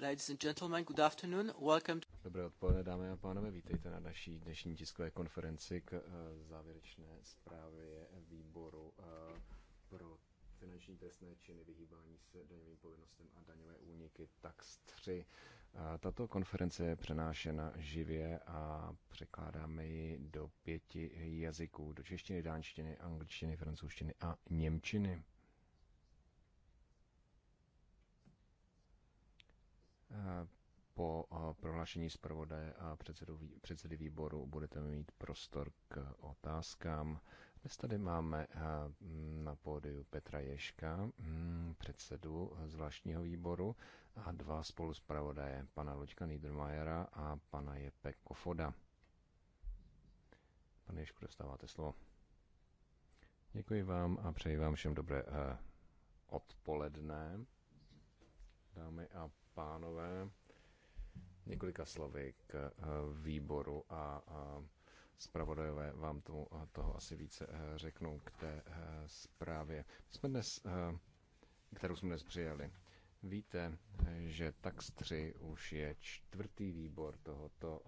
Ladies and gentlemen, good afternoon. Welcome. Dobré odpoledne, dámy a pánové, vítejte na naší dnešní tiskové konferenci k eh, závěrečné zprávě výboru eh, pro finanční trestné činy, vyhýbání se daňovým povinnostem a daňové úniky TAX 3. Eh, tato konference je přenášena živě a překládáme ji do pěti jazyků, do češtiny, dánštiny, angličtiny, francouzštiny a němčiny. po eh, prohlášení zpravodaje a předsedy výboru budete mít prostor k otázkám. Dnes tady máme eh, na pódiu Petra Ješka, mm, předsedu zvláštního výboru, a dva spoluzpravodaje, pana Luďka Niedermayera a pana Jepe Kofoda. Pane Ješku, dostáváte slovo. Děkuji vám a přeji vám všem dobré eh, odpoledne, dámy a pánové, několika slovy k eh, výboru a zpravodajové vám tomu, eh, toho asi více eh, řeknou k té zprávě. My jsme dnes, kterou jsme dnes přijali. Víte, že TAX 3 už je čtvrtý výbor tohoto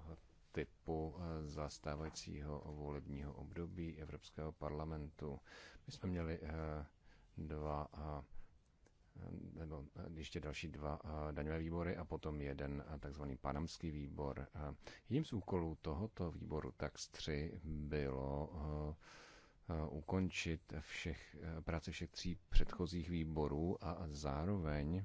typu zastávajícího volebního období Evropského parlamentu. My jsme měli dva nebo ještě další dva eh, daňové výbory a potom jeden eh, takzvaný panamský výbor. Eh, jedním z úkolů tohoto výboru tax 3 bylo ukončit všech, práce všech tří předchozích výborů a zároveň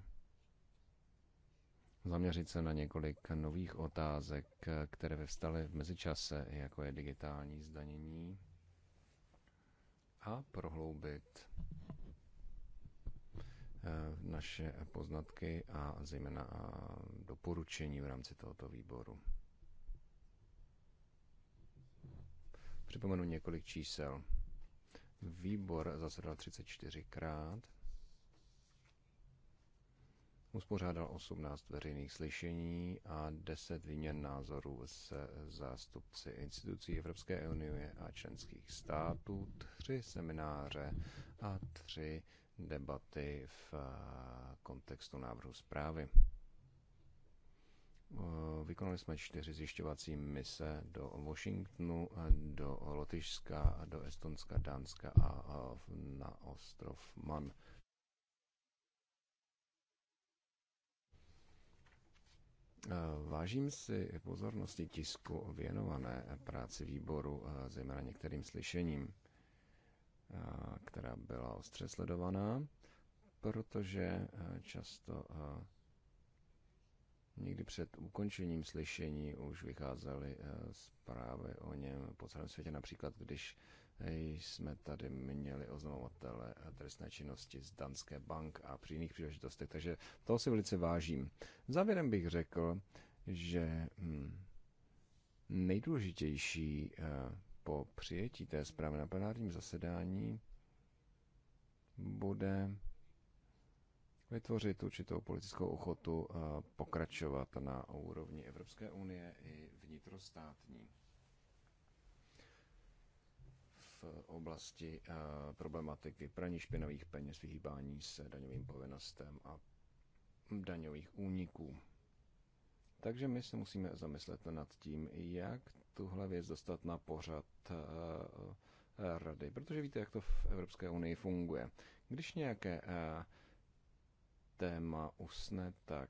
zaměřit se na několik nových otázek, které vyvstaly v mezičase, jako je digitální zdanění a prohloubit Eh, naše poznatky a zejména eh, doporučení v rámci tohoto výboru. Připomenu několik čísel. Výbor zasedal 34krát, uspořádal 18 veřejných slyšení a 10 výměn názorů se zástupci institucí Evropské unie a členských států, tři semináře a tři debaty v eh, kontextu návrhu zprávy. Eh, vykonali jsme čtyři zjišťovací mise do Washingtonu, eh, do Lotyšska, do Estonska, Dánska a na ostrov Man. Vážím si pozornosti tisku věnované práci výboru, zejména některým slyšením která byla ostře sledovaná, protože často někdy před ukončením slyšení už vycházely zprávy o něm po celém světě. Například, když jsme tady měli oznamovatele trestné činnosti z Danské bank a při jiných příležitostech, takže toho si velice vážím. Závěrem bych řekl, že hm, nejdůležitější po přijetí té zprávy na plenárním zasedání bude vytvořit určitou politickou ochotu eh, pokračovat na úrovni Evropské unie i vnitrostátní v oblasti eh, problematiky praní špinavých peněz, vyhýbání se daňovým povinnostem a daňových úniků. Takže my se musíme zamyslet nad tím, jak tuhle věc dostat na pořad eh, rady, protože víte, jak to v Evropské unii funguje. Když nějaké eh, téma usne, tak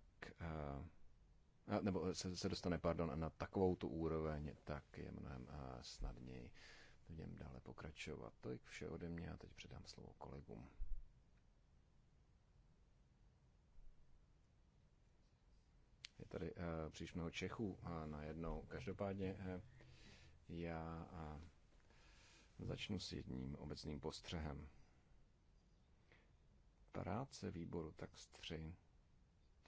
eh, nebo se, dostane, pardon, na takovou tu úroveň, tak je mnohem snadněji v něm dále pokračovat. To je vše ode mě a teď předám slovo kolegům. Je tady eh, příliš mnoho Čechů eh, najednou. Každopádně eh, já začnu s jedním obecným postřehem. Práce výboru tak 3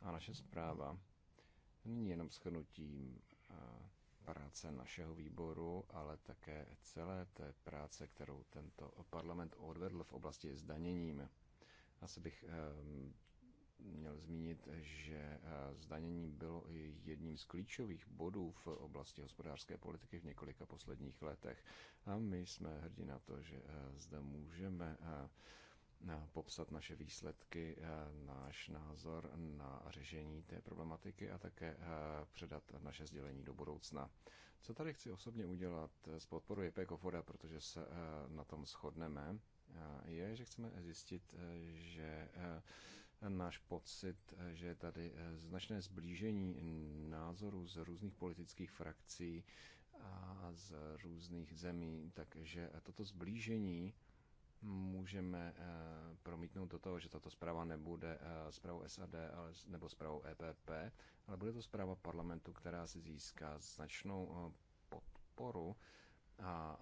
a naše zpráva není jenom shrnutím práce našeho výboru, ale také celé té práce, kterou tento parlament odvedl v oblasti zdaněním. Asi bych měl zmínit, že eh, zdanění bylo i jedním z klíčových bodů v oblasti hospodářské politiky v několika posledních letech. A my jsme hrdí na to, že eh, zde můžeme eh, popsat naše výsledky, náš názor na řešení té problematiky a také předat naše sdělení do budoucna. Co tady chci osobně udělat s podporou JP Kofoda, protože se na tom shodneme, je, že chceme zjistit, že náš pocit, že je tady eh, značné zblížení názorů z různých politických frakcí a z různých zemí, takže toto zblížení můžeme eh, promítnout do toho, že tato zpráva nebude eh, zprávou SAD nebo zprávou EPP, ale bude to zpráva parlamentu, která si získá značnou podporu a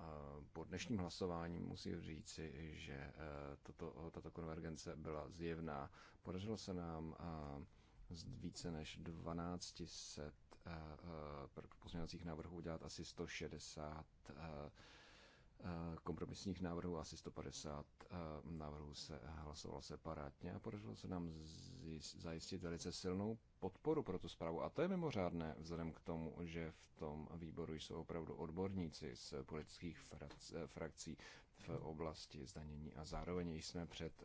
po dnešním hlasování musím říci, že e, toto, tato konvergence byla zjevná. Podařilo se nám e, z více než 1200 e, pozměňovacích návrhů udělat asi 160 Eh, kompromisních návrhů, asi 150 eh, návrhů se hlasovalo separátně a podařilo se nám zajistit velice silnou podporu pro tu zprávu. A to je mimořádné, vzhledem k tomu, že v tom výboru jsou opravdu odborníci z politických eh, frakcí v oblasti zdanění a zároveň jsme před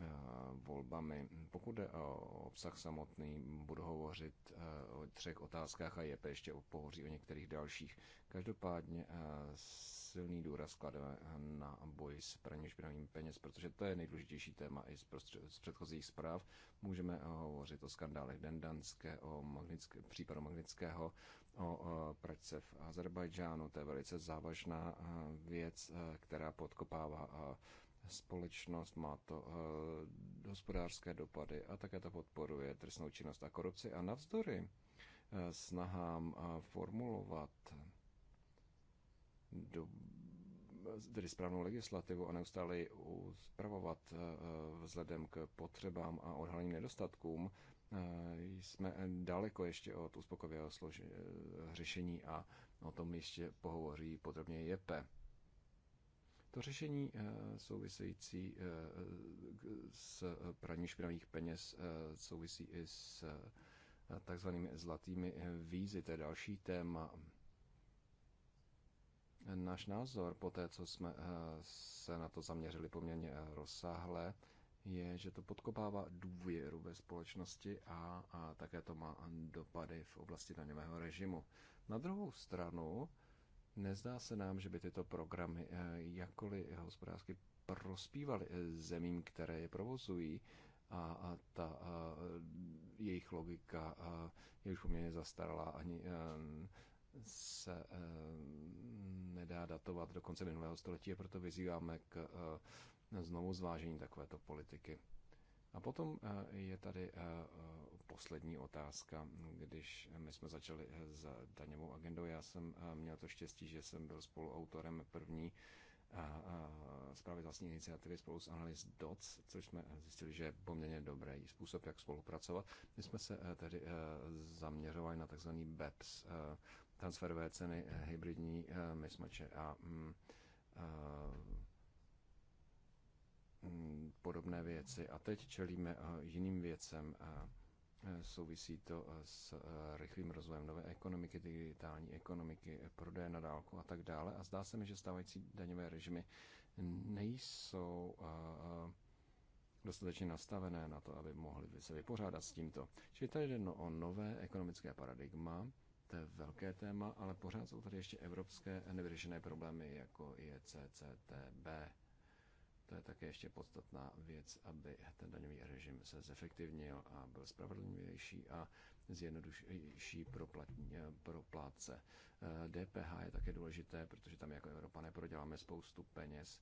Eh, volbami. Pokud jde o obsah samotný, budu hovořit eh, o třech otázkách a je ještě pohoří o některých dalších. Každopádně eh, silný důraz klademe na boj s praním špinavým peněz, protože to je nejdůležitější téma i z, prostřed, z předchozích zpráv. Můžeme hovořit o skandálech Dendanské, o magnické, případu Magnického, o pračce v Azerbajdžánu. To je velice závažná věc, která podkopává společnost, má to eh, hospodářské dopady a také to podporuje trestnou činnost a korupci. A navzdory eh, snahám eh, formulovat do, tedy správnou legislativu a neustále ji uh, vzhledem k potřebám a odhaleným nedostatkům, jsme daleko ještě od uspokojivého řešení a o tom ještě pohovoří podrobně JEPE. To řešení eh, související eh, s praní špinavých peněz eh, souvisí i s takzvanými zlatými vízy. To je další téma. Náš názor, po té, co jsme se na to zaměřili poměrně rozsáhle, je, že to podkopává důvěru ve společnosti a, a také to má dopady v oblasti daňového režimu. Na druhou stranu, Nezdá se nám, že by tyto programy eh, jakkoliv hospodářsky prospívaly eh, zemím, které je provozují, a, a ta a, jejich logika a, je už poměrně zastaralá, ani a, eh, se a, nedá datovat do konce minulého století a proto vyzýváme k a, znovu zvážení takovéto politiky. A potom eh, je tady eh, poslední otázka. Když my jsme začali s eh, daňovou agendou, já jsem měl to štěstí, že jsem byl spoluautorem první zprávy vlastní iniciativy spolu s analýz DOC, což jsme zjistili, že je poměrně dobrý způsob, jak spolupracovat. My jsme se tedy zaměřovali na tzv. BEPS, transferové ceny, hybridní mismače a mm, Mm, podobné věci. A teď čelíme eh, jiným věcem. Eh, souvisí to eh, s rychlým rozvojem nové ekonomiky, digitální ekonomiky, prodeje na dálku a tak dále. A zdá se mi, že stávající daňové režimy nejsou dostatečně nastavené na to, aby mohli se vypořádat s tímto. Čili tady jde o nové ekonomické paradigma, to je velké téma, ale pořád jsou tady ještě evropské nevyřešené problémy, jako je CCTB. To je také ještě podstatná věc, aby ten daňový režim se zefektivnil a byl spravedlivější a zjednodušší pro, platní, eh, pro plátce. DPH eh, je také důležité, protože tam jako Evropané proděláme spoustu peněz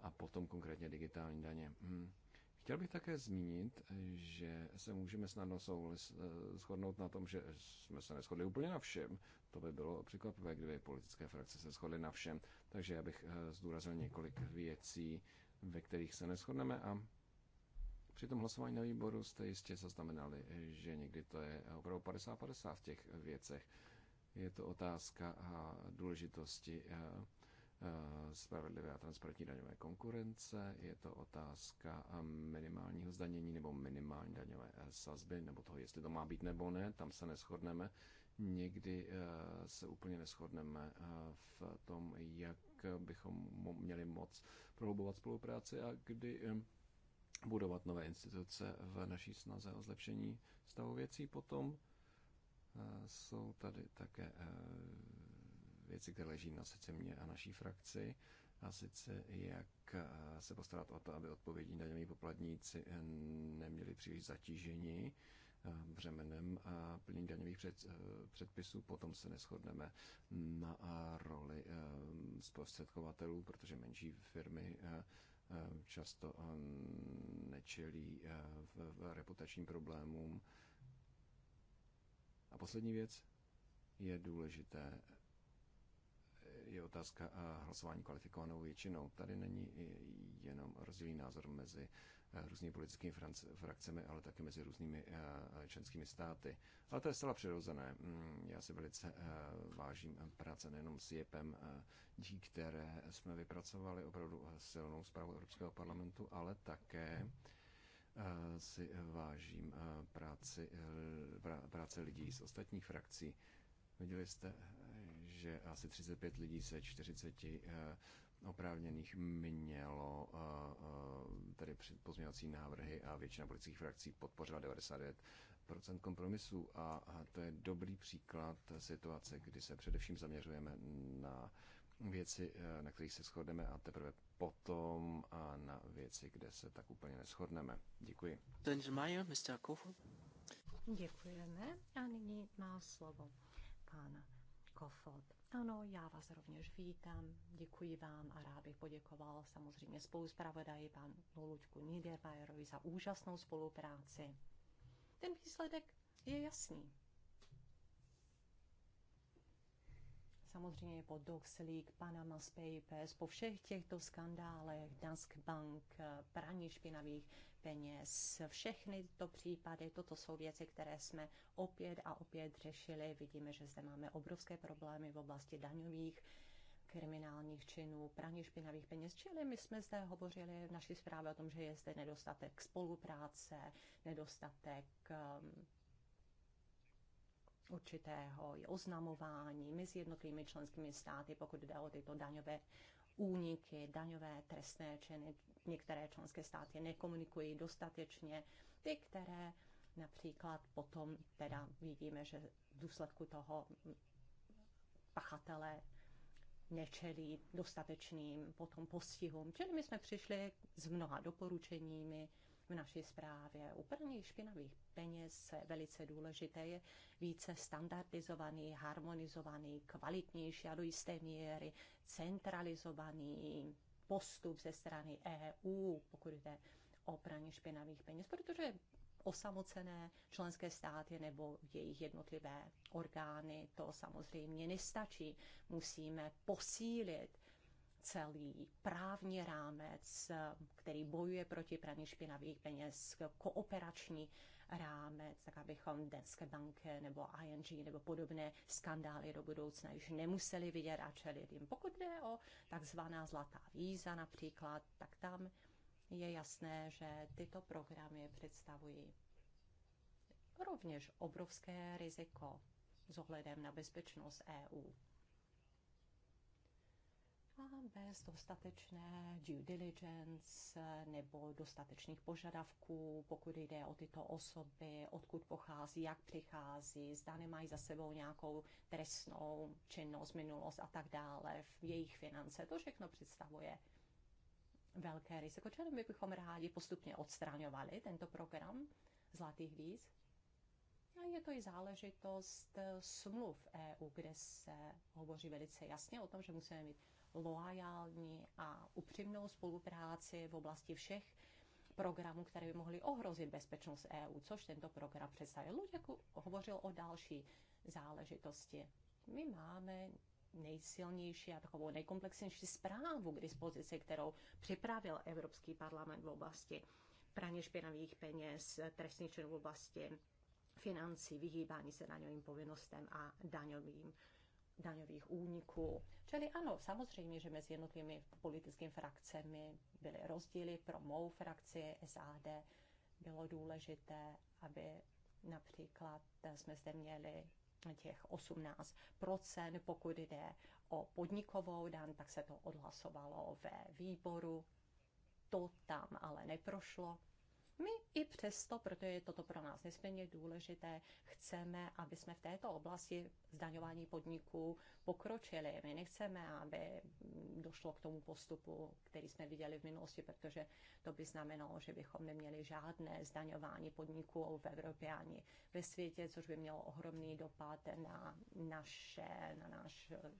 a potom konkrétně digitální daně. Hmm. Chtěl bych také zmínit, že se můžeme snadno eh, shodnout na tom, že jsme se neschodli úplně na všem. To by bylo překvapivé, kdyby politické frakce se shodly na všem. Takže já bych zdůraznil několik věcí, ve kterých se neschodneme a při tom hlasování na výboru jste jistě zaznamenali, že někdy to je opravdu 50-50 v těch věcech. Je to otázka a důležitosti spravedlivé a transparentní daňové konkurence, je to otázka minimálního zdanění nebo minimální daňové sazby, nebo toho, jestli to má být nebo ne, tam se neschodneme. Někdy se úplně neschodneme v tom, jak Eh, bychom měli moc prohlubovat spolupráci a kdy eh, budovat nové instituce v naší snaze o zlepšení stavu věcí. Potom eh, jsou tady také věci, které leží na srdci mě a naší frakci, a sice jak se postarat o to, aby odpovědní daňoví poplatníci neměli příliš zatížení břemenem a plnění daňových před, eh, předpisů. Potom se neschodneme na eh, roli eh, zprostředkovatelů, protože menší firmy často nečelí reputačním problémům. A poslední věc je důležité, je otázka hlasování kvalifikovanou většinou. Tady není jenom rozdílný názor mezi Eh, různými politickými frakcemi, ale také mezi různými eh, členskými státy. Ale to je zcela přirozené. Mm, já si velice eh, vážím práce nejenom s JEPem, díky které jsme vypracovali opravdu silnou zprávu Evropského parlamentu, ale také si vážím práci, práce lidí z ostatních frakcí. Viděli jste, že asi 35 lidí se 40 oprávněných mělo eh, eh, tedy pozměňovací návrhy a většina politických frakcí podpořila 99 kompromisů a to je dobrý příklad situace, kdy se především zaměřujeme na věci, eh, na kterých se shodneme a teprve potom a na věci, kde se tak úplně neschodneme. Děkuji. Mayer, Mr. Děkujeme a nyní má slovo pán Kofod. Ano, já vás rovněž vítám, děkuji vám a rád bych poděkoval samozřejmě spoluzpravodaji panu Luďku Niederbayerovi za úžasnou spolupráci. Ten výsledek je jasný. Samozřejmě po Dox Panama Papers, po všech těchto skandálech, Dansk Bank, praní špinavých peněz. Všechny tyto případy, toto jsou věci, které jsme opět a opět řešili. Vidíme, že zde máme obrovské problémy v oblasti daňových kriminálních činů, praní špinavých peněz. Čili my jsme zde hovořili v naší zprávě o tom, že je zde nedostatek spolupráce, nedostatek um, určitého oznamování mezi jednotlivými členskými státy, pokud jde o tyto daňové úniky, daňové trestné činy některé členské státy nekomunikují dostatečně, ty, které například potom teda vidíme, že v důsledku toho pachatele nečelí dostatečným potom postihům. Čili my jsme přišli s mnoha doporučeními v naší zprávě. U praní špinavých peněz velice důležité je více standardizovaný, harmonizovaný, kvalitnější a do jisté míry centralizovaný postup ze strany EU, pokud jde o praní špinavých peněz, protože osamocené členské státy nebo jejich jednotlivé orgány to samozřejmě nestačí. Musíme posílit celý právní rámec, který bojuje proti praní špinavých peněz, kooperační rámec, tak abychom Denské banky nebo ING nebo podobné skandály do budoucna již nemuseli vidět a čelit jim. Pokud jde o takzvaná zlatá víza například, tak tam je jasné, že tyto programy představují rovněž obrovské riziko s ohledem na bezpečnost EU a bez dostatečné due diligence nebo dostatečných požadavků, pokud jde o tyto osoby, odkud pochází, jak přichází, zda nemají za sebou nějakou trestnou činnost, minulost a tak dále, v jejich finance, to všechno představuje velké riziko. Čili my bychom rádi postupně odstraňovali tento program Zlatých víz. A je to i záležitost smluv EU, kde se hovoří velice jasně o tom, že musíme mít loajální a upřímnou spolupráci v oblasti všech programů, které by mohly ohrozit bezpečnost EU, což tento program představuje. jako hovořil o další záležitosti. My máme nejsilnější a takovou nejkomplexnější zprávu k dispozici, kterou připravil Evropský parlament v oblasti praně špinavých peněz, trestných činů v oblasti financí, vyhýbání se daňovým povinnostem a daňovým daňových úniků. Čili ano, samozřejmě, že mezi jednotlivými politickými frakcemi byly rozdíly. Pro mou frakci SAD bylo důležité, aby například jsme zde měli těch 18%, pokud jde o podnikovou dan, tak se to odhlasovalo ve výboru. To tam ale neprošlo. My i přesto, protože je toto pro nás nesmírně důležité, chceme, aby jsme v této oblasti zdaňování podniků pokročili. My nechceme, aby došlo k tomu postupu, který jsme viděli v minulosti, protože to by znamenalo, že bychom neměli žádné zdaňování podniků v Evropě ani ve světě, což by mělo ohromný dopad na naše, na náš eh,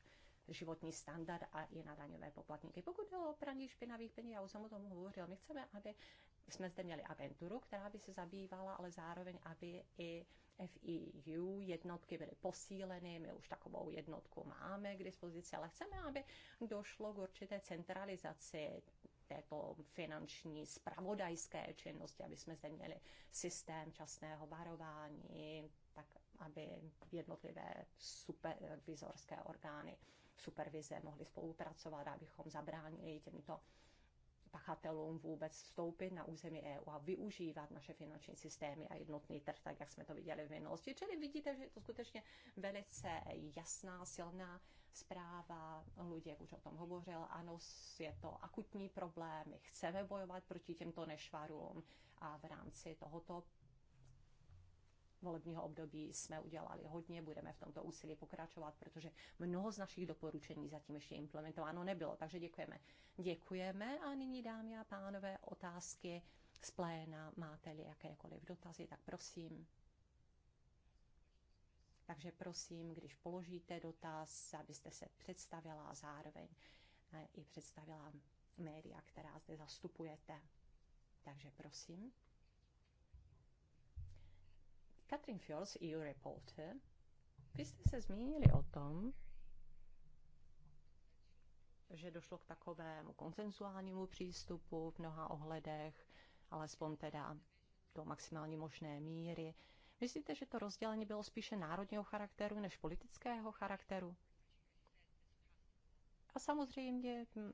životní standard a i na daňové poplatníky. Pokud jde o praní špinavých peněz, já už jsem o tom hovořil, my chceme, aby jsme zde měli agenturu, která by se zabývala, ale zároveň, aby i FEU jednotky byly posíleny, my už takovou jednotku máme k dispozici, ale chceme, aby došlo k určité centralizaci této finanční spravodajské činnosti, aby jsme zde měli systém časného varování, tak aby jednotlivé supervizorské orgány supervize mohly spolupracovat, abychom zabránili těmto pachatelům vůbec vstoupit na území EU a využívat naše finanční systémy a jednotný trh, tak jak jsme to viděli v minulosti. Čili vidíte, že je to skutečně velice jasná, silná zpráva. jak už o tom hovořil. Ano, je to akutní problém. My chceme bojovat proti těmto nešvarům a v rámci tohoto volebního období jsme udělali hodně, budeme v tomto úsilí pokračovat, protože mnoho z našich doporučení zatím ještě implementováno nebylo. Takže děkujeme. Děkujeme a nyní, dámy a pánové, otázky z pléna. Máte-li jakékoliv dotazy, tak prosím. Takže prosím, když položíte dotaz, abyste se představila a zároveň eh, i představila média, která zde zastupujete. Takže prosím. Katrin Fjols, EU reporter, vy se zmínili o tom, že došlo k takovému konsenzuálnímu přístupu v mnoha ohledech, alespoň teda do maximální možné míry. Myslíte, že to rozdělení bylo spíše národního charakteru než politického charakteru? A samozřejmě, hm,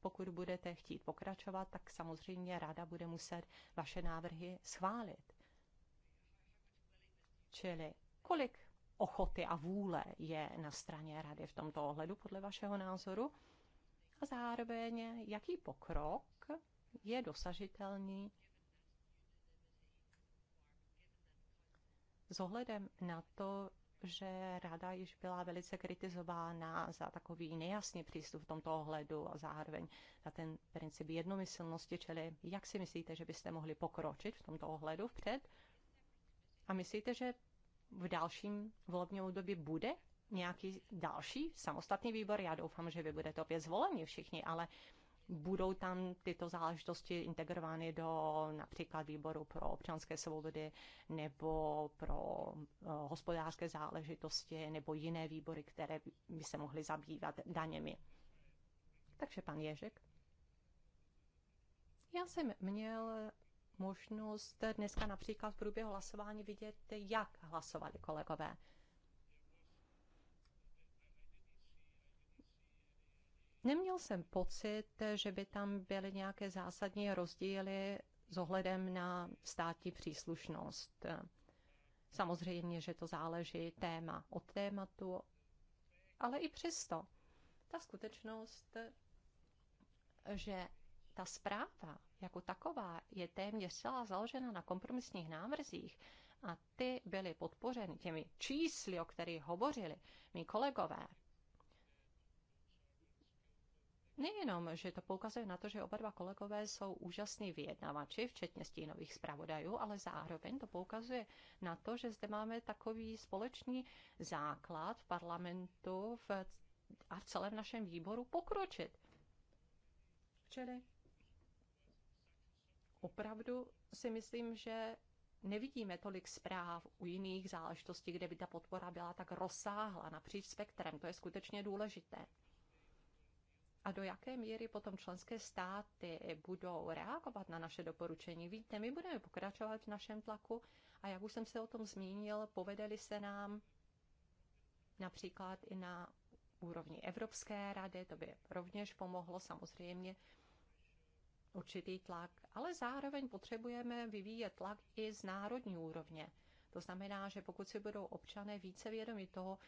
pokud budete chtít pokračovat, tak samozřejmě rada bude muset vaše návrhy schválit. Čili kolik ochoty a vůle je na straně rady v tomto ohledu, podle vašeho názoru? A zároveň, jaký pokrok je dosažitelný s ohledem na to, že rada již byla velice kritizována za takový nejasný přístup v tomto ohledu a zároveň za ten princip jednomyslnosti, čili jak si myslíte, že byste mohli pokročit v tomto ohledu vpřed? A myslíte, že v dalším volebním období bude nějaký další samostatný výbor. Já doufám, že vy budete opět zvoleni všichni, ale budou tam tyto záležitosti integrovány do například výboru pro občanské svobody nebo pro eh, hospodářské záležitosti nebo jiné výbory, které by se mohly zabývat daněmi. Takže pan Ježek. Já jsem měl možnost dneska například v průběhu hlasování vidět, jak hlasovali kolegové. Neměl jsem pocit, že by tam byly nějaké zásadní rozdíly s ohledem na státní příslušnost. Samozřejmě, že to záleží téma od tématu, ale i přesto ta skutečnost, že ta zpráva jako taková je téměř celá založena na kompromisních návrzích a ty byly podpořeny těmi čísly, o kterých hovořili mý kolegové. Nejenom, že to poukazuje na to, že oba dva kolegové jsou úžasní vyjednavači, včetně stínových zpravodajů, ale zároveň to poukazuje na to, že zde máme takový společný základ v parlamentu v, a v celém našem výboru pokročit. Čili opravdu si myslím, že nevidíme tolik zpráv u jiných záležitostí, kde by ta podpora byla tak rozsáhla napříč spektrem. To je skutečně důležité. A do jaké míry potom členské státy budou reagovat na naše doporučení? Víte, my budeme pokračovat v našem tlaku a jak už jsem se o tom zmínil, povedeli se nám například i na úrovni Evropské rady, to by rovněž pomohlo samozřejmě určitý tlak, ale zároveň potřebujeme vyvíjet tlak i z národní úrovně. To znamená, že pokud si budou občané více vědomi toho,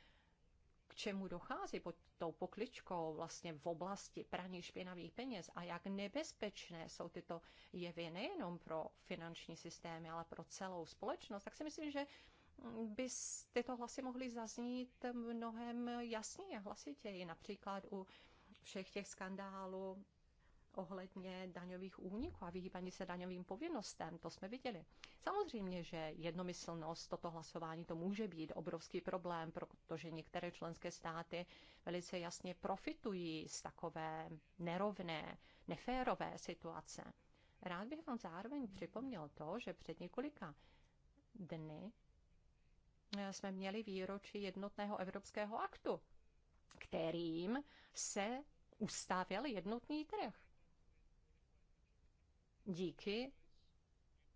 k čemu dochází pod tou pokličkou vlastně v oblasti praní špinavých peněz a jak nebezpečné jsou tyto jevy nejenom pro finanční systémy, ale pro celou společnost, tak si myslím, že by tyto hlasy mohly zaznít mnohem jasněji a hlasitěji. Například u všech těch skandálů ohledně daňových úniků a vyhýbání se daňovým povinnostem. To jsme viděli. Samozřejmě, že jednomyslnost toto hlasování to může být obrovský problém, protože některé členské státy velice jasně profitují z takové nerovné, neférové situace. Rád bych vám zároveň připomněl to, že před několika dny eh, jsme měli výročí jednotného evropského aktu, kterým se ustavil jednotný trh díky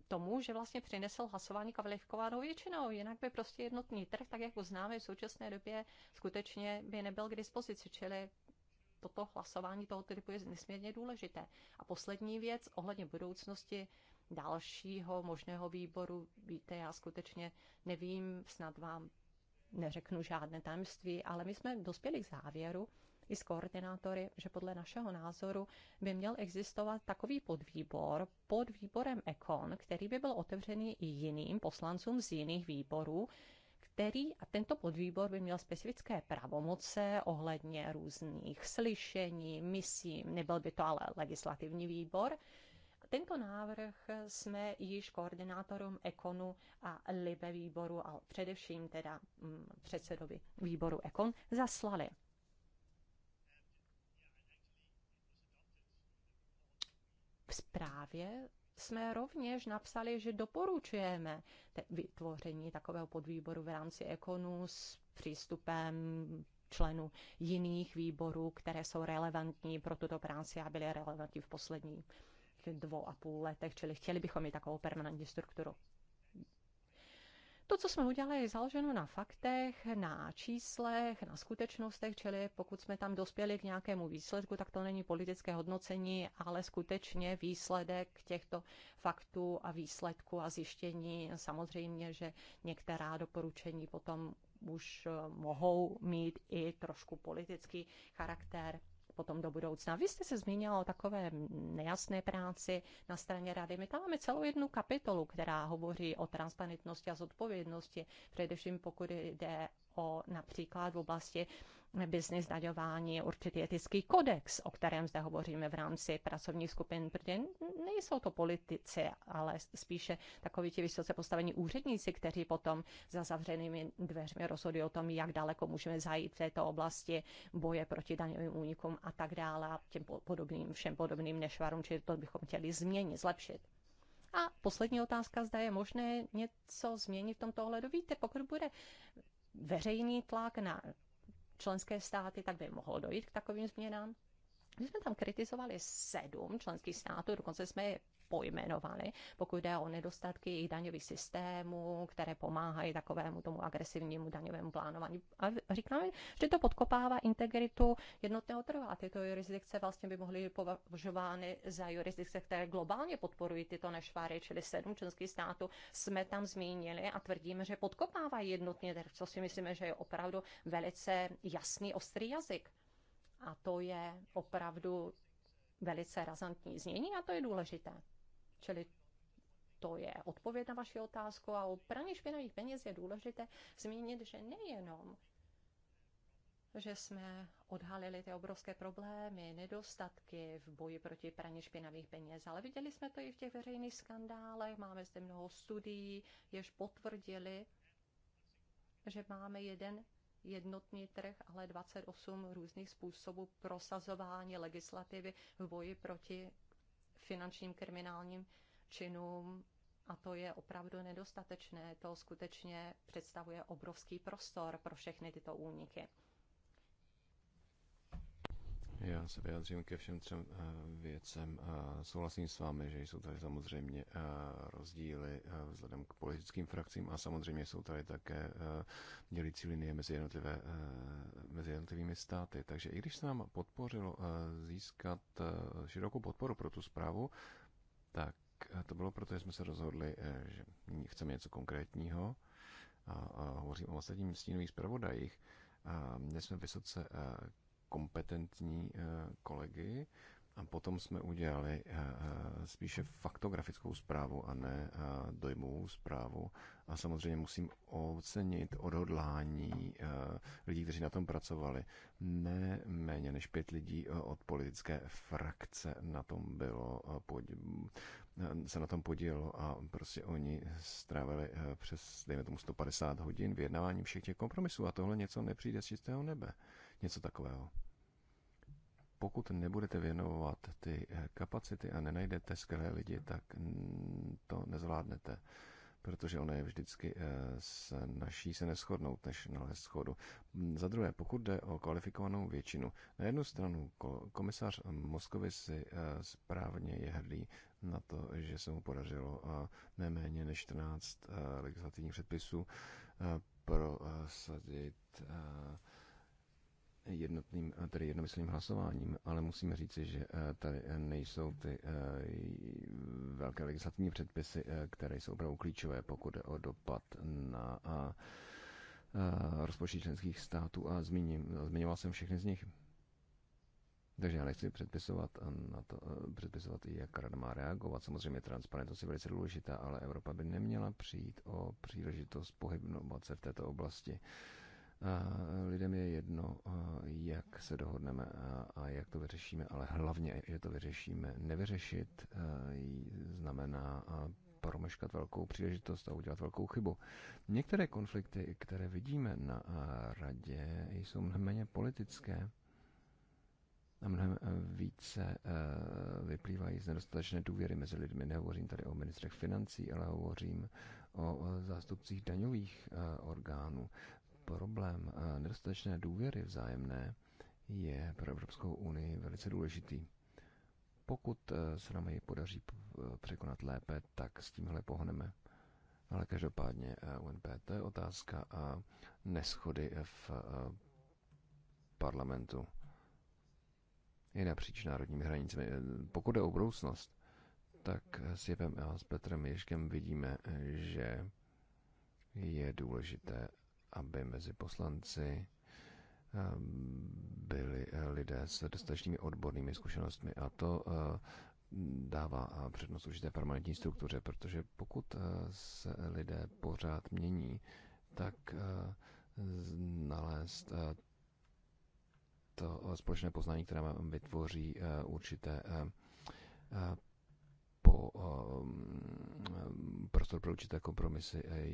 tomu, že vlastně přinesl hlasování kvalifikovanou většinou. Jinak by prostě jednotný trh, tak jak ho známe v současné době, skutečně by nebyl k dispozici. Čili toto hlasování toho typu je nesmírně důležité. A poslední věc ohledně budoucnosti dalšího možného výboru. Víte, já skutečně nevím, snad vám neřeknu žádné tajemství, ale my jsme dospěli k závěru, i s koordinátory, že podle našeho názoru by měl existovat takový podvýbor pod výborem Ekon, který by byl otevřený i jiným poslancům z jiných výborů, který a tento podvýbor by měl specifické pravomoce ohledně různých slyšení, misí, nebyl by to ale legislativní výbor. Tento návrh jsme již koordinátorům Ekonu a Libe výboru a především teda mm, předsedovi výboru Ekon zaslali. zprávě jsme rovněž napsali, že doporučujeme vytvoření takového podvýboru v rámci ekonu s přístupem členů jiných výborů, které jsou relevantní pro tuto práci a byly relevantní v posledních dvou a půl letech, čili chtěli bychom mít takovou permanentní strukturu. To, co jsme udělali, je založeno na faktech, na číslech, na skutečnostech, čili pokud jsme tam dospěli k nějakému výsledku, tak to není politické hodnocení, ale skutečně výsledek těchto faktů a výsledků a zjištění. Samozřejmě, že některá doporučení potom už eh, mohou mít i trošku politický charakter potom do budoucna. Vy jste se zmínila o takové nejasné práci na straně rady. My tam máme celou jednu kapitolu, která hovoří o transparentnosti a zodpovědnosti, především pokud jde o například v oblasti business je určitý etický kodex, o kterém zde hovoříme v rámci pracovních skupin, protože nejsou to politici, ale spíše takoví ti vysoce postavení úředníci, kteří potom za zavřenými dveřmi rozhodují o tom, jak daleko můžeme zajít v této oblasti boje proti daňovým únikům a tak dále a těm podobným, všem podobným nešvarům, čili to bychom chtěli změnit, zlepšit. A poslední otázka, zda je možné něco změnit v tomto ohledu. Víte, pokud bude veřejný tlak na členské státy, tak by mohlo dojít k takovým změnám. My jsme tam kritizovali sedm členských států, dokonce jsme je pojmenovali, pokud jde o nedostatky jejich daňových systémů, které pomáhají takovému tomu agresivnímu daňovému plánování. A říkáme, že to podkopává integritu jednotného trhu. A tyto jurisdikce vlastně by mohly být považovány za jurisdikce, které globálně podporují tyto nešváry, čili sedm členských států jsme tam zmínili a tvrdíme, že podkopávají jednotně. trh, co si myslíme, že je opravdu velice jasný, ostrý jazyk. A to je opravdu velice razantní znění a to je důležité. Čili to je odpověď na vaši otázku a o praní špinavých peněz je důležité zmínit, že nejenom že jsme odhalili ty obrovské problémy, nedostatky v boji proti praní špinavých peněz, ale viděli jsme to i v těch veřejných skandálech, máme zde mnoho studií, jež potvrdili, že máme jeden jednotný trh, ale 28 různých způsobů prosazování legislativy v boji proti finančním kriminálním činům a to je opravdu nedostatečné. To skutečně představuje obrovský prostor pro všechny tyto úniky. Já se vyjádřím ke všem třem eh, věcem. Souhlasím s vámi, že jsou tady samozřejmě eh, rozdíly eh, vzhledem k politickým frakcím a samozřejmě jsou tady také dělící linie mezi, jednotlivé, mezi jednotlivými státy. Takže i když se nám podpořilo získat širokou podporu pro tu zprávu, tak to bylo proto, že jsme se rozhodli, že chceme něco konkrétního a, hovořím o ostatním stínových zpravodajích. A jsme vysoce kompetentní eh, kolegy. A potom jsme udělali eh, eh, spíše faktografickou zprávu a ne dojmovou zprávu. A samozřejmě musím ocenit odhodlání lidí, kteří na tom pracovali. Ne méně než pět lidí od politické frakce na tom bylo, se na tom podílelo a prostě oni strávili přes, dejme tomu, 150 hodin vyjednávání všech těch kompromisů a tohle něco nepřijde z čistého nebe něco takového. Pokud nebudete věnovat ty eh, kapacity a nenajdete skvělé lidi, tak to nezvládnete protože ono je vždycky eh, snaží se neschodnout, než nalézt schodu. Hm, za druhé, pokud jde o kvalifikovanou většinu, na jednu stranu komisař Moskovy si eh, správně je hrdý na to, že se mu podařilo neméně než 14 legislativních předpisů prosadit jednotným, eh, tedy jednomyslným hlasováním, ale musíme říci, že eh, tady eh, nejsou ty velké legislativní předpisy, které jsou opravdu klíčové, pokud jde o dopad na rozpočet členských států a zmíním, zmiňoval jsem všechny z nich. Takže já nechci předpisovat, na to, předpisovat i, jak rada má reagovat. Samozřejmě transparentnost je velice důležitá, ale Evropa by neměla přijít o příležitost pohybnovat se v této oblasti. Uh, Eh, lidem je jedno, eh, jak se dohodneme a jak to vyřešíme, ale hlavně, že to vyřešíme. Nevyřešit eh, znamená promeškat velkou příležitost a udělat velkou chybu. Některé konflikty, které vidíme na radě, jsou mnohem méně politické a mnohem více vyplývají z nedostatečné důvěry mezi lidmi. Nehovořím tady o ministrech financí, ale hovořím o zástupcích daňových orgánů. Problém eh, nedostatečné důvěry vzájemné je pro Evropskou unii velice důležitý. Pokud eh, se nám ji podaří eh, překonat lépe, tak s tímhle pohneme. Ale každopádně UNP to je otázka a neschody v parlamentu i napříč národními hranicemi. Pokud je o budoucnost, tak s Jevem a s Petrem Ježkem vidíme, že je důležité aby mezi poslanci eh, byli eh, lidé s dostatečnými odbornými zkušenostmi a to eh, dává přednost určité permanentní struktuře, protože pokud se lidé pořád mění, tak nalézt to společné poznání, které vytvoří určité po ehm, ehm, prostor pro určité kompromisy eh,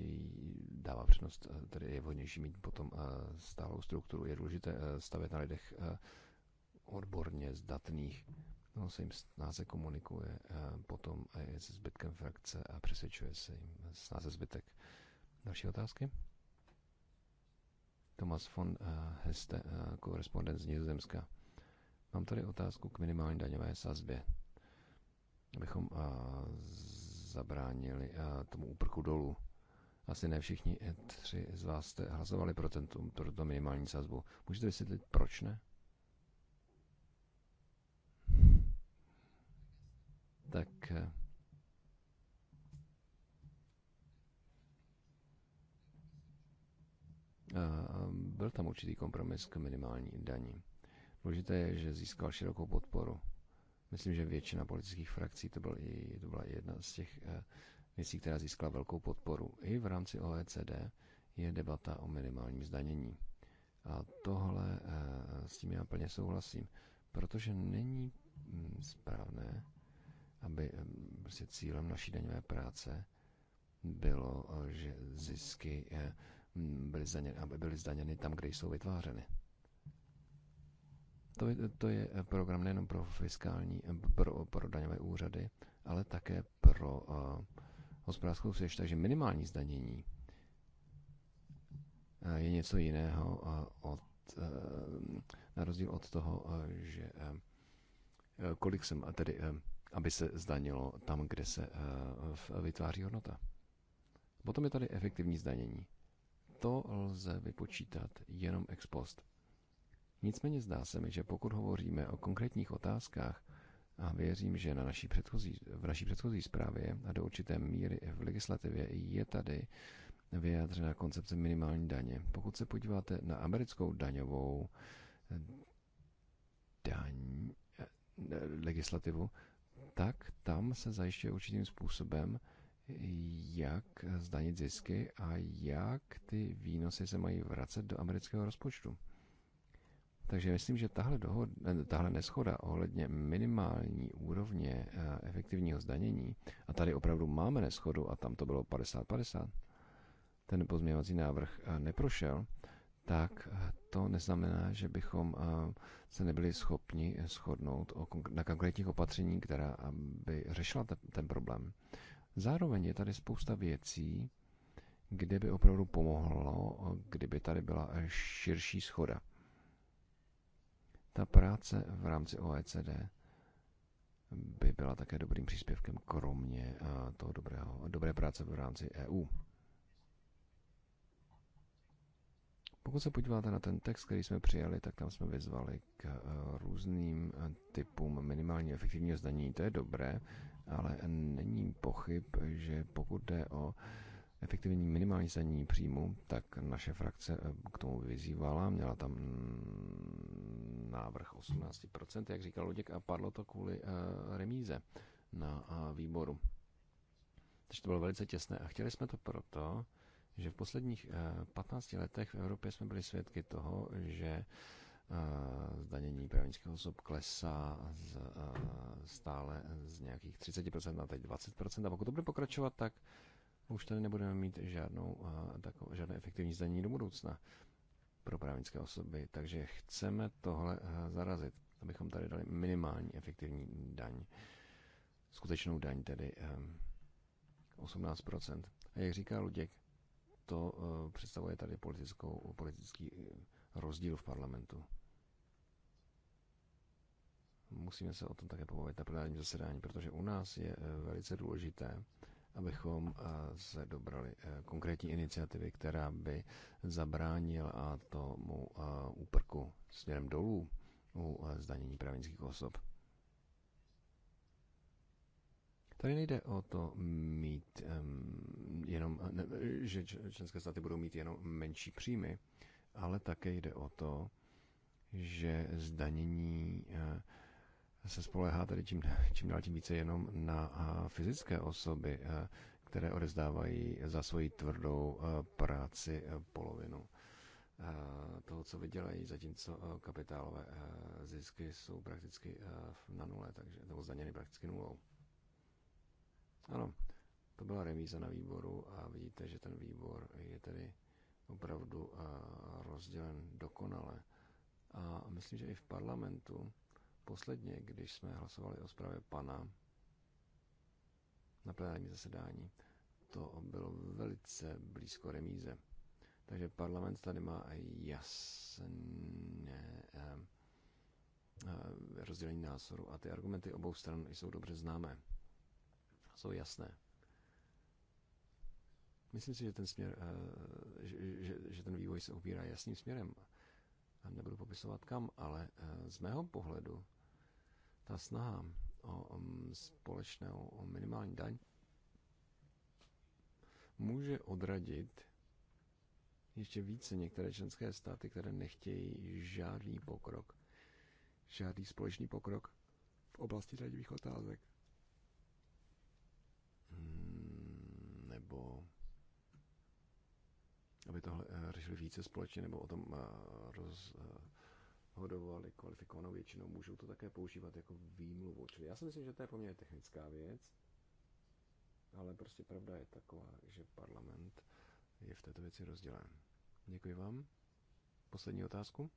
dává přednost, eh, tedy je vhodnější mít potom eh, stálou strukturu. Je důležité stavět na lidech odborně zdatných, no, se jim snáze komunikuje, potom je se zbytkem frakce a přesvědčuje se jim snáze zbytek. Další otázky? Thomas von Heste, korespondent z Nizozemska. Mám tady otázku k minimální daňové sazbě abychom eh, zabránili eh, tomu úprku dolů. Asi ne všichni eh, tři z vás jste hlasovali pro, tento, pro minimální sazbu. Můžete vysvětlit, proč ne? Tak byl tam určitý kompromis k minimální daní. Důležité je, že získal širokou podporu. Myslím, že většina politických frakcí, to, byl i, to byla jedna z těch eh, věcí, která získala velkou podporu. I v rámci OECD je debata o minimálním zdanění. A tohle eh, s tím já plně souhlasím, protože není hm, správné, aby eh, prostě cílem naší daňové práce bylo, že zisky hm, byly zdaněny, aby byly zdaněny tam, kde jsou vytvářeny. To, to je eh, program nejenom pro fiskální, eh, pro, pro daňové úřady, ale také pro uh, hospodářskou soutěž. Takže minimální zdanění je něco jiného od, na rozdíl od toho, že kolik jsem, tedy aby se zdanilo tam, kde se vytváří hodnota. Potom je tady efektivní zdanění. To lze vypočítat jenom ex post. Nicméně zdá se mi, že pokud hovoříme o konkrétních otázkách, a věřím, že na naší předchozí, v naší předchozí zprávě a do určité míry v legislativě je tady vyjádřena koncepce minimální daně. Pokud se podíváte na americkou daňovou eh, daň, eh, legislativu, tak tam se zajišťuje určitým způsobem, jak zdanit zisky a jak ty výnosy se mají vracet do amerického rozpočtu. Takže myslím, že tahle, dohod, tahle neschoda ohledně minimální úrovně eh, efektivního zdanění, a tady opravdu máme neschodu a tam to bylo 50-50, ten pozměňovací návrh eh, neprošel, tak eh, to neznamená, že bychom se nebyli schopni shodnout na konkrétních opatření, která by řešila ten problém. Zároveň je tady spousta věcí, kde by opravdu pomohlo, kdyby tady byla širší schoda. Ta práce v rámci OECD by byla také dobrým příspěvkem, kromě eh, toho dobrého, dobré práce v rámci EU. Pokud se podíváte na ten text, který jsme přijali, tak tam jsme vyzvali k eh, různým eh, typům minimálně efektivního zdanění. To je dobré, ale není pochyb, že pokud jde o uh, efektivní minimální zdanění příjmu, tak naše frakce eh, k tomu vyzývala. Měla tam mm, návrh 18%, jak říkal Luděk, a padlo to kvůli eh, remíze na eh, výboru. Takže to bylo velice těsné a chtěli jsme to proto, že v posledních 15 letech v Evropě jsme byli svědky toho, že zdanění právnických osob klesá z, stále z nějakých 30% na teď 20%. A pokud to bude pokračovat, tak už tady nebudeme mít žádnou, eh, takovou, žádné efektivní zdanění do budoucna pro právnické osoby. Takže chceme tohle eh, zarazit, abychom tady dali minimální efektivní daň, skutečnou daň tedy 18%. Ehm, A jak říká Luděk, to eh, představuje tady politickou, politický rozdíl v parlamentu. Musíme se o tom také pobavit na plenárním zasedání, protože u nás je velice důležité, abychom eh, se dobrali eh, konkrétní iniciativy, která by zabránila tomu eh, úprku směrem dolů u zdanění právnických osob. Tady nejde o to mít jenom, ne, že členské státy budou mít jenom menší příjmy, ale také jde o to, že zdanění se spolehá tady čím, čím dál tím více jenom na fyzické osoby, které odezdávají za svoji tvrdou práci polovinu toho, co vydělají, zatímco kapitálové zisky jsou prakticky na nule, takže, nebo zdaněny prakticky nulou. Ano, to byla remíza na výboru a vidíte, že ten výbor je tedy opravdu rozdělen dokonale. A myslím, že i v parlamentu Posledně, když jsme hlasovali o zprávě pana na plenární zasedání, to bylo velice blízko remíze. Takže parlament tady má jasně eh, eh, rozdělení názoru a ty argumenty obou stran jsou dobře známé. Jsou jasné. Myslím si, že ten, směr, eh, že, že, že ten vývoj se ubírá jasným směrem nebudu popisovat kam, ale eh, z mého pohledu ta snaha o mm, společnou o minimální daň může odradit ještě více některé členské státy, které nechtějí žádný pokrok, žádný společný pokrok v oblasti daňových otázek. Hmm, nebo aby tohle eh, řešili více společně nebo o tom eh, rozhodovali kvalifikovanou většinou, můžou to také používat jako výmluvu. Čili já si myslím, že to je poměrně technická věc, ale prostě pravda je taková, že parlament je v této věci rozdělen. Děkuji vám. Poslední otázku.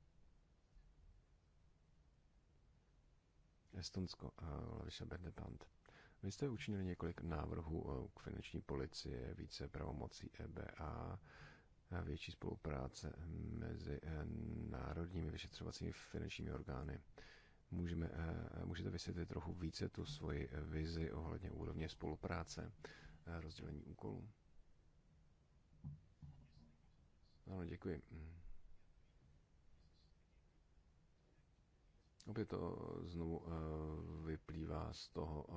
Estonsko, eh, Laviša Berdepant. Vy jste učinili několik návrhů k finanční policie, více pravomocí EBA, větší spolupráce mezi eh, národními vyšetřovacími finančními orgány. Můžeme, eh, můžete vysvětlit trochu více tu svoji vizi ohledně úrovně spolupráce, eh, rozdělení úkolů? Ano, děkuji. Mm. Opět to znovu vyplývá z toho,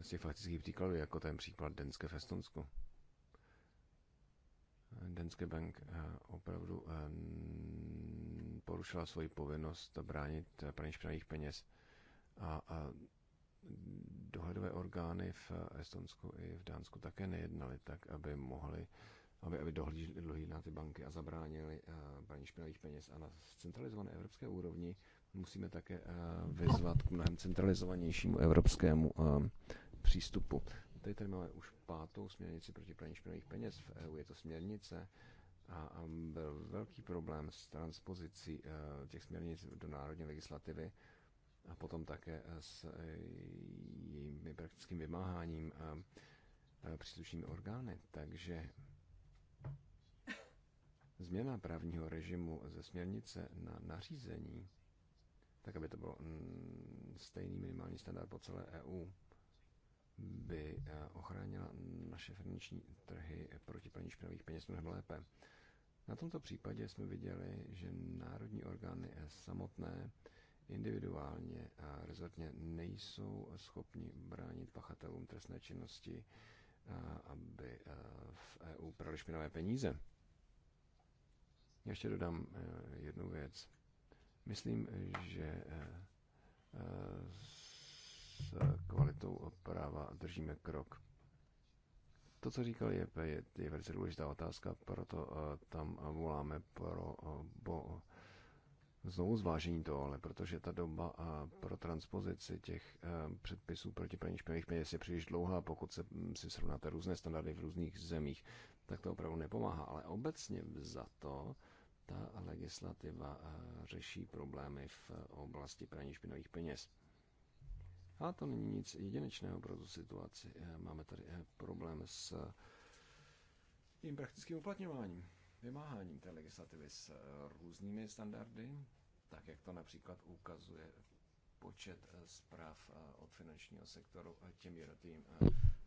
z těch faktických příkladů, jako ten příklad Denske v Estonsku. Denske Bank eh, opravdu eh, porušila svoji povinnost bránit eh, praní špinavých peněz a, a dohledové orgány v Estonsku i v Dánsku také nejednaly tak, aby mohli aby, aby dohlíželi na ty banky a zabránili praní špinavých peněz. A na centralizované evropské úrovni musíme také vyzvat k mnohem centralizovanějšímu evropskému přístupu. Tady tady máme už pátou směrnici proti praní špinavých peněz v EU. Je to směrnice a byl velký problém s transpozicí eh, těch směrnic do národní legislativy a potom také eh, s eh, jejím praktickým vymáháním příslušnými orgány. Takže změna právního režimu ze směrnice na nařízení, tak aby to byl mm, stejný minimální standard po celé EU, by eh, ochránila naše finanční trhy proti praní špinavých peněz mnohem lépe. Na tomto případě jsme viděli, že národní orgány eh, samotné individuálně a rezortně nejsou schopni bránit pachatelům trestné činnosti, eh, aby v EU prali špinavé peníze. Ještě dodám jednu věc. Myslím, že s eh, kvalitou práva držíme krok. To, co říkal JP, je, je velice důležitá otázka, proto uh, tam voláme pro uh, bo, znovu zvážení tohle, protože ta doba uh, pro transpozici těch uh, předpisů proti praní špinavých peněz je příliš dlouhá, pokud se, um, si srovnáte různé standardy v různých zemích, tak to opravdu nepomáhá. Ale obecně za to ta legislativa uh, řeší problémy v oblasti praní špinavých peněz. A to není nic jedinečného pro tu situaci. Eh, máme tady eh, problém s eh, tím praktickým uplatňováním, vymáháním té legislativy s různými standardy, tak jak to například ukazuje počet zpráv od finančního sektoru těm jednotlivým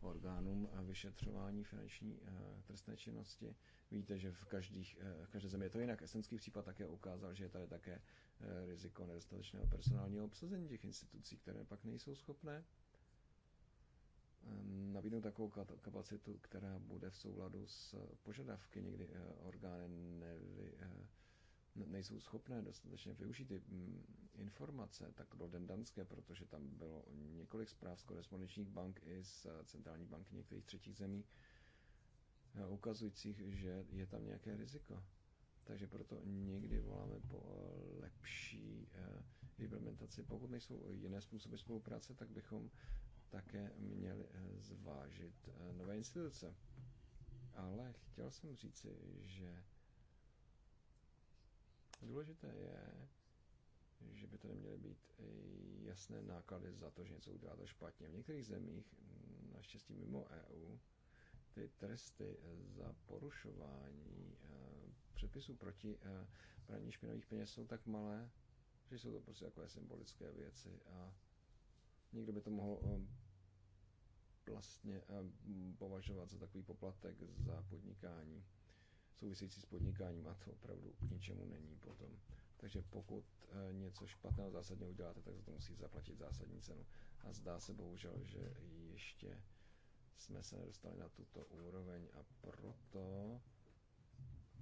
orgánům vyšetřování finanční trestné činnosti. Víte, že v, každých, v každé zemi je to jinak. Estonský případ také ukázal, že je tady také Eh, riziko nedostatečného personálního obsazení těch institucí, které pak nejsou schopné eh, nabídnout takovou kapacitu, která bude v souladu s požadavky. Někdy eh, orgány nevy, nejsou schopné dostatečně využít ty mm, informace, tak to bylo danské, protože tam bylo několik zpráv z korespondenčních bank i z centrální banky některých třetích zemí, ukazujících, že je tam nějaké riziko. Takže proto někdy voláme po eh, lepší eh, implementaci. Pokud nejsou jiné způsoby spolupráce, tak bychom také měli eh, zvážit nové instituce. Ale chtěl jsem říci, že důležité je, že by to neměly být jasné náklady za to, že něco uděláte špatně. V některých zemích, naštěstí mimo EU, ty tresty za porušování předpisů proti eh, praní špinavých peněz jsou tak malé, že jsou to prostě takové symbolické věci a někdo by to mohl eh, vlastně eh, považovat za takový poplatek za podnikání související s podnikáním a to opravdu k ničemu není potom. Takže pokud něco špatného zásadně uděláte, tak za to musíte zaplatit zásadní cenu. A zdá se bohužel, že ještě jsme se nedostali na tuto úroveň a proto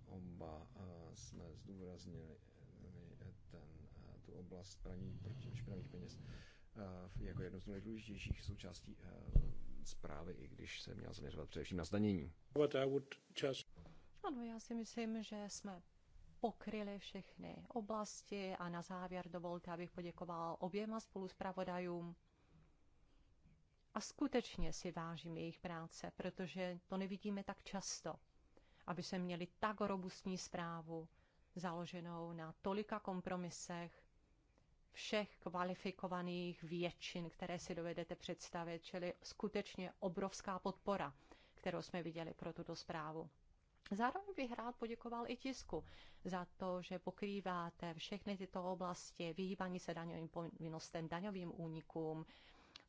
Oba eh, jsme zdůraznili eh, ten, eh, tu oblast praní špinavých peněz jako jednu z nejdůležitějších součástí zprávy, i když se měla zaměřovat především na zdanění. Ano, já si myslím, že jsme pokryli všechny oblasti a na závěr dovolte, abych poděkoval oběma spoluspravodajům A skutečně si vážím jejich práce, protože to nevidíme tak často aby se měli tak robustní zprávu, založenou na tolika kompromisech všech kvalifikovaných většin, které si dovedete představit, čili skutečně obrovská podpora, kterou jsme viděli pro tuto zprávu. Zároveň bych rád poděkoval i tisku za to, že pokrýváte všechny tyto oblasti, vyhýbání se daňovým povinnostem, daňovým únikům,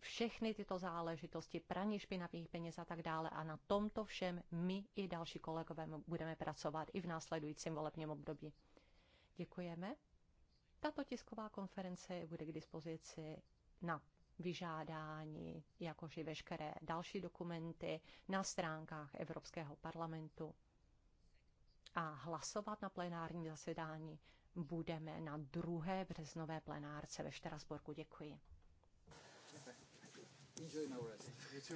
všechny tyto záležitosti, praní špinavých peněz a tak dále. A na tomto všem my i další kolegové budeme pracovat i v následujícím volebním období. Děkujeme. Tato tisková konference bude k dispozici na vyžádání, jakož i veškeré další dokumenty na stránkách Evropského parlamentu. A hlasovat na plenární zasedání budeme na druhé březnové plenárce ve Štrasburku. Děkuji. Enjoy now rest.